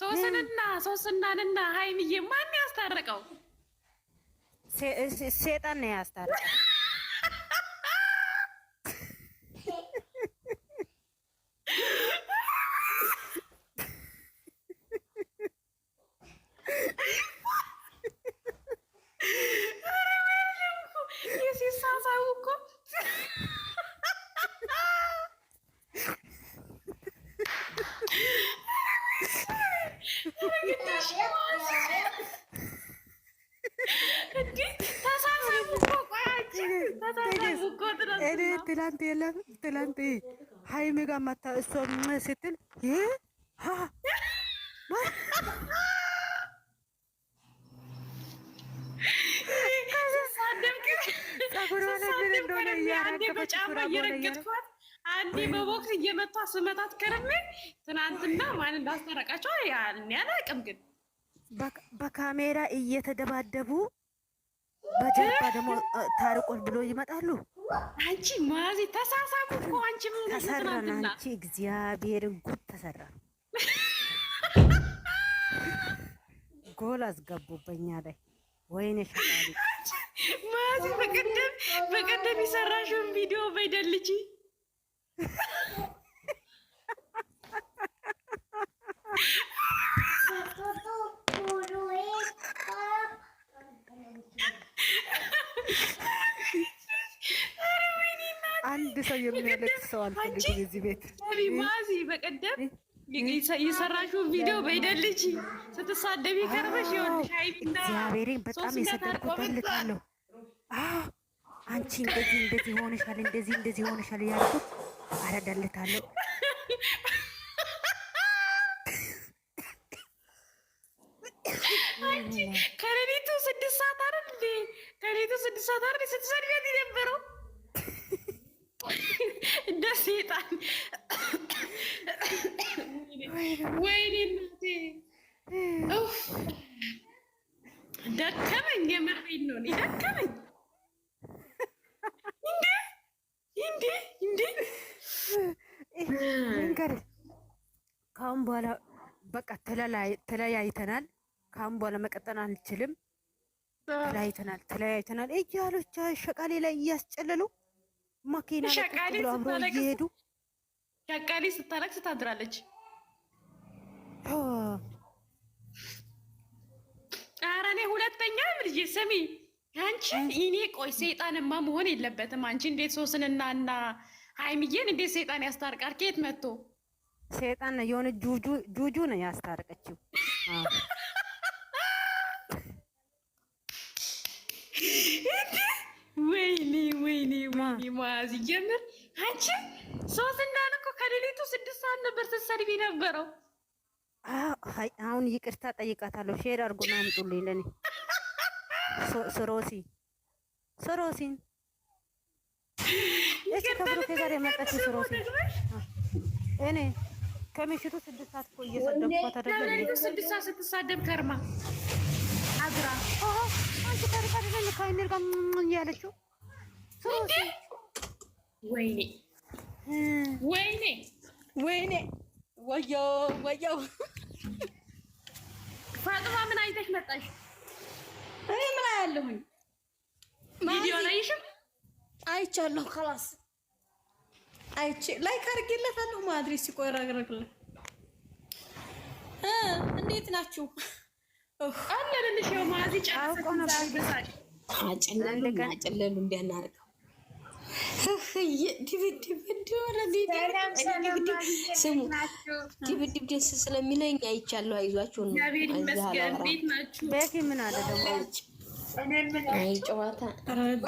ሶስንና ሶስናንና ሀይሚዬ ማን ያስታረቀው? ሴጣን ነው ያስታረቀው። ትላንት የለም ትላንት ሀይሜ ጋር ማታ እሷ ስትል ይህ አንዴ በቦክ እየመጣ ስመታት ከረሜ ትናንትና ማን እንዳስታረቃቸው እኔ አላውቅም፣ ግን በካሜራ እየተደባደቡ በጀርባ ደግሞ ታርቆን ብሎ ይመጣሉ። አንቺ ማዚ ተሳሳሙ እኮ አንቺ ምን ተሰራና አንቺ እግዚአብሔር ጉድ ተሰራ። ጎል አስገቡበኛ ላይ ወይኔ ሸቃሪ ማዚ በቀደም በቀደም የሰራሽውን ቪዲዮ በይደልጂ የሚወድ ሰው የሚያለቅስ ሰው አልፈልግም እዚህ ቤት። ማዚ በቀደም የሰራሽው ቪዲዮ በይደልች ስትሳደቢ ከርበሽ እግዚአብሔርን በጣም የሰደርኩበልታለሁ። አንቺ እንደዚህ እንደዚህ ሆነሻል፣ እንደዚህ እንደዚህ ሆነሻል ያልኩት አረዳልታለሁ። ከሌሊቱ ስድስት ሰዓት አይደል? ከሌሊቱ ስድስት ሰዓት አይደል? ስትሰድቢያት የነበረው ሴጣን ወይኔ እናቴ ደከመኝ። የምሬን ነው እኔ ደከመኝ። እንዴ እንዴ በኋላ በቃ ተለያይተናል። በኋላ መቀጠል ተለያይተናል ተለያይተናል ሸቃሌ ላይ እያስጨለሉ ማኪና ሸቃሊ አብሮ እየሄዱ ሸቃሌ ስታለቅስ ታድራለች። ኧረ እኔ ሁለተኛ ልጄ ስሚ አንቺ እኔ ቆይ ሰይጣንማ መሆን የለበትም። አንቺ እንዴት ሶስንና እና ሀይሚዬን እንዴት ሰይጣን ያስታርቃል? ከየት መጥቶ ሰይጣን የሆነ ጁጁ ነው ያስታርቀችው። ወይኔ ወይኔ ወይኔ ማዝ ይጀምር። አንቺ ሶስና እኮ ከሌሊቱ ስድስት ሰዓት ነበር ስትሰድቢ ነበረው። አሁን ይቅርታ ጠይቃታለሁ። ሼር አድርጎና አምጡልኝ ለኔ ሶሮሲ ሶሮሲን ከብሩኬ ጋር የመጣች ሶሮሲ እኔ ከምሽቱ ስድስት ሰዓት እኮ እየሰደብኳት አይደለም። ስድስት ሰዓት ስትሳደብ ከርማ አግራ አንቺ ታሪክ አይደለም ከአይነር ጋር ያለችው ወይኔ ወይኔ ወይኔ ፋጥማ ምን አይተሽ መጣሽ? እኔ ምን አያለሁኝ? ቪዲዮ ላይሽም አይቻለሁ። ከላስ አይቼ ላይክ አድርጌለታለሁ። እንዴት ናችሁ? አለልሽ ማዚ እንዲያናርገው ድብድብ ደስ ስለሚለኝ አይቻለሁ። አይዟችሁ ነው ምን አለ ደግሞ ጨዋታ ነው።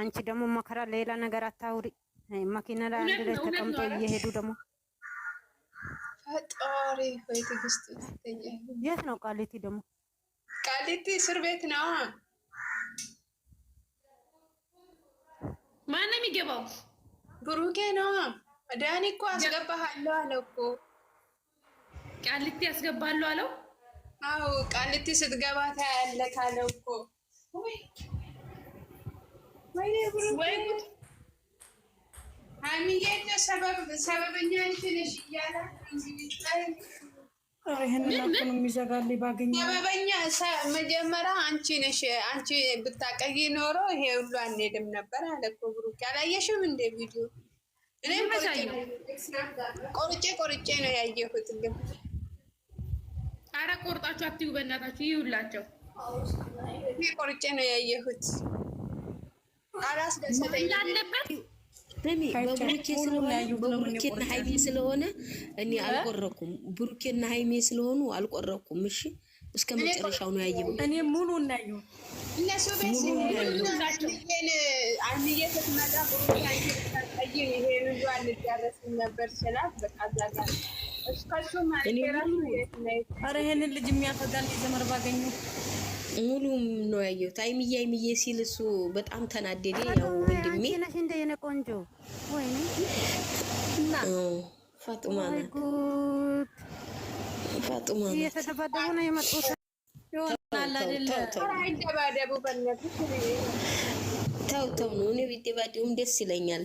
አንቺ ደግሞ መከራ ሌላ ነገር አታውሪ። መኪና ላይ አንድ ላይ ተቀምጦ እየሄዱ ደግሞ ፈጣሪ ሆይ ትዕግስት የት ነው ቃሊቲ ደግሞ ቃሊቲ እስር ቤት ነው። ማነው የሚገባው? ብሩኬ ነው። ዳኒ እኮ አስገባሃለሁ አለ እኮ ቃሊቲ አስገባለሁ አለው። አዎ ቃሊቲ ስትገባ ታያለህ አለው እኮ ሀይሚዬ ሰበበኛ ልትነሽ እያለ ይህንን የሚዘጋልኝ ባገኘ ሰበበኛ መጀመሪያ አንቺ ነሽ። አንቺ ብታቀይ ኖሮ ይሄ ሁሉ አንሄድም ነበር አለ እኮ ብሩክ። ያላየሽም እንደ ቪዲዮ ቆርጬ ቆርጬ ነው ያየሁት። ግን አረ ቆርጣችሁ አትዩ በእናታችሁ ይሁላቸው። ቆርጬ ነው ያየሁት። አላስደሰተኝ እንዳለበት ስሚ በብሩኬ ስለሆነ በብሩኬና ሀይሜ ስለሆነ እኔ አልቆረኩም። ብሩኬና ሀይሜ ስለሆኑ አልቆረኩም። እሺ እስከ መጨረሻው ነው ያየው። እኔ ሙሉ እናዩ እነሱ ነበር ይሄንን ልጅ የሚያፈጋ ዘመር ባገኘው ሙሉ ነው ያየሁት። አይምዬ አይምዬ ሲል እሱ በጣም ተናደደ። ያው ወንድሜ እንደ ቆንጆ ፋጡማ ናት። ፋጡማ ናት። እየተደባደቡ ነው የመጡት። ተው ተው ነው እኔ ቢደባደቡም ደስ ይለኛል።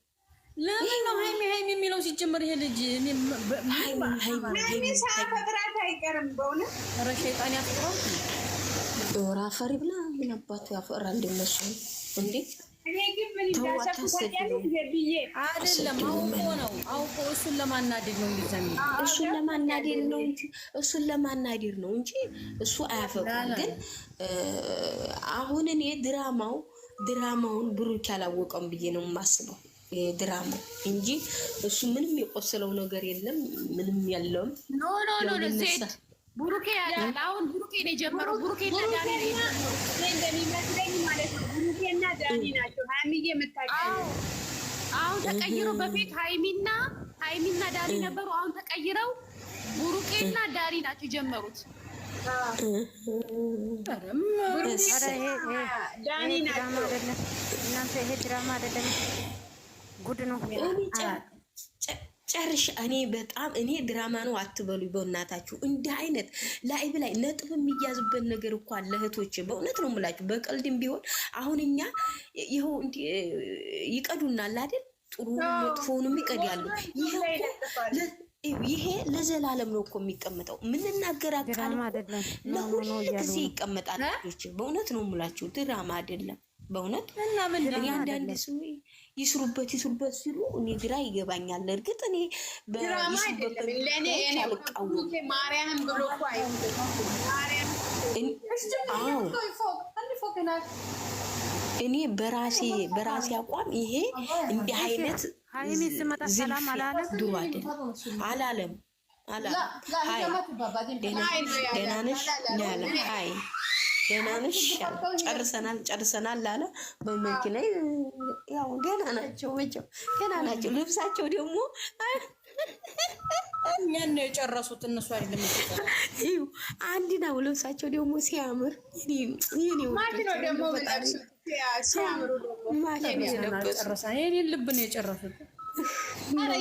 ለምን ነው ሀይሚ ሀይሚ የሚለው ሲጀመር? ይሄ ልጅ መብራት አይቀርም። በእውነት ዶራ አፈሪ ብላ ምን አባቱ ያፈራ እንደነሱ እንዴ? ነው አውቆ እሱን ለማናደድ ነው እንጂ እሱን ለማናደድ ነው እንጂ እሱ አያፈቅም። ግን አሁን እኔ ድራማው ድራማውን ብሩክ ያላወቀም ብዬ ነው የማስበው። ድራማ እንጂ እሱ ምንም የቆሰለው ነገር የለም። ምንም ያለውም ኖ ኖ ኖ ሴት ቡሩኬ ያለ አሁን ቡሩኬ ነው የጀመረው። ቡሩኬ እና ዳኒ እንደሚመስለኝ ማለት ነው። ቡሩኬ እና ዳኒ ናቸው። አሁን ተቀይሮ በፊት ሀይሚና ሀይሚና ዳኒ ነበሩ። አሁን ተቀይረው ቡሩኬ እና ዳኒ ናቸው የጀመሩት። ዳኒ ናቸው። እናንተ ይሄ ድራማ አይደለም። ጉድ ነው። ጨርሽ እኔ በጣም እኔ ድራማ ነው አትበሉ፣ በእናታችሁ እንደ አይነት ላይብ ላይ ነጥብ የሚያዝበት ነገር እኮ አለ እህቶች፣ በእውነት ነው የምላችሁ። በቀልድም ቢሆን አሁን እኛ ይኸው ይቀዱናል አይደል? ጥሩ መጥፎውንም ይቀድ ያሉ ይሄ ለዘላለም ነው እኮ የሚቀመጠው። ምንናገር አቃል ለሁሉ ጊዜ ይቀመጣል። በእውነት ነው የምላችሁ ድራማ አይደለም። በእውነት አንዳንድ ይስሩበት ይስሩበት ሲሉ እኔ ግራ ይገባኛል። እርግጥ እኔ እኔ በራሴ በራሴ አቋም ይሄ እንዲህ አይነት ዝልፍ ድሮ አይደል አላለም አላለም። ያለ አይ ደህና ነሽ ጨርሰናል ጨርሰናል አለ በመኪና ያው ገና ናቸው መቼም ገና ናቸው ልብሳቸው ደግሞ እኛን ነው የጨረሱት እነሱ አይደለም አንድ ነው ልብሳቸው ደግሞ ሲያምር የኔን ልብ ነው የጨረሱት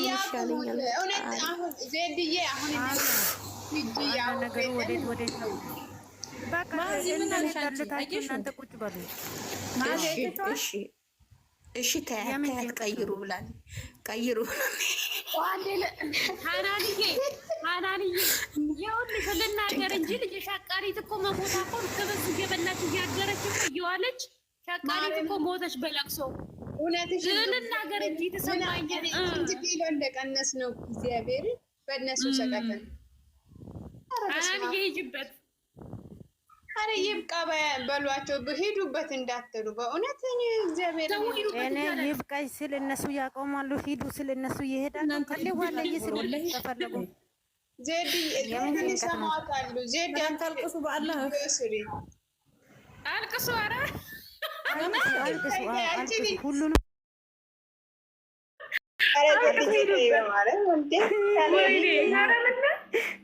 ይሻለኛል ነገሩ ወዴት ወዴት ነው እሺ ተያት ቀይሩ ብላል። ቀይሩ ሀናንዬ ሀናንዬ ልናገር እንጂ ልጅ ሻቃሪት እኮ መሞታ እኮ እየበላች እኮ እየዋለች ሻቃሪት እኮ ሞተች በለቅሶ። ልናገር እንጂ ተሰማኝ ኪሎ እንደቀነስ ነው እግዚአብሔር በእነሱ ሀናንዬ ሂጅበት አረ ይብቃ በሏቸው፣ ሂዱበት እንዳትሉ። በእውነት እግዚአብሔር እኔ ስል እነሱ ያቆማሉ፣ ሂዱ ስል እነሱ ይሄዳል ከሌዋለይ ስል አልቅሱ፣ አረ ሁሉንም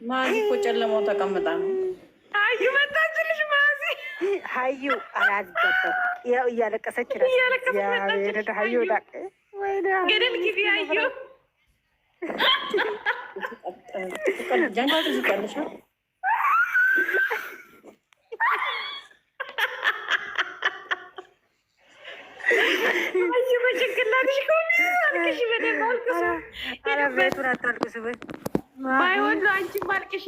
ማዚ እኮ ጨለማው ተቀምጣ ነው ሀዩ አላዝገባም እያለቀሰች ገደል ግቢ ሀዩ ማይሆን ነው አንቺ ማልቅሽ።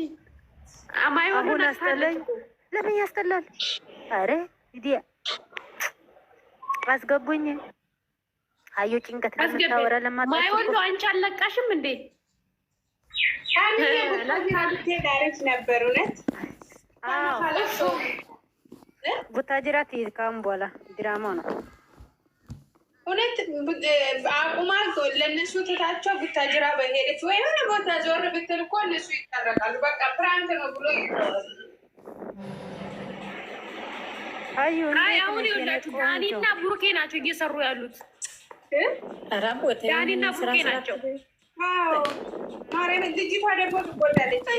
ማይሆን አስጠላኝ። ለምን ያስጠላል? አረ ይዲያ አስገቡኝ። አዩ ጭንቀት ነው የምታወራ ለማታ ማይወሉ አንቺ አለቃሽም እንዴ? ዳረች ቡታጅራ ትሄድ ካሁን በኋላ ድራማ ነው እውነት። አቁማ ለእነሱ ትታቸው ቡታጅራ በሄደች ወይ የሆነ ቦታ ዞር ብትል እኮ እነሱ ይጠረቃሉ። በቃ ፕራንክ ነው ብሎ አሁን ይኸውላችሁ ዳኒና ቡርኬ ናቸው እየሰሩ ያሉት። ዳኒና ቡርኬ ናቸው። ማርያምን ልጅቷ ደግሞ ትጎዳለች።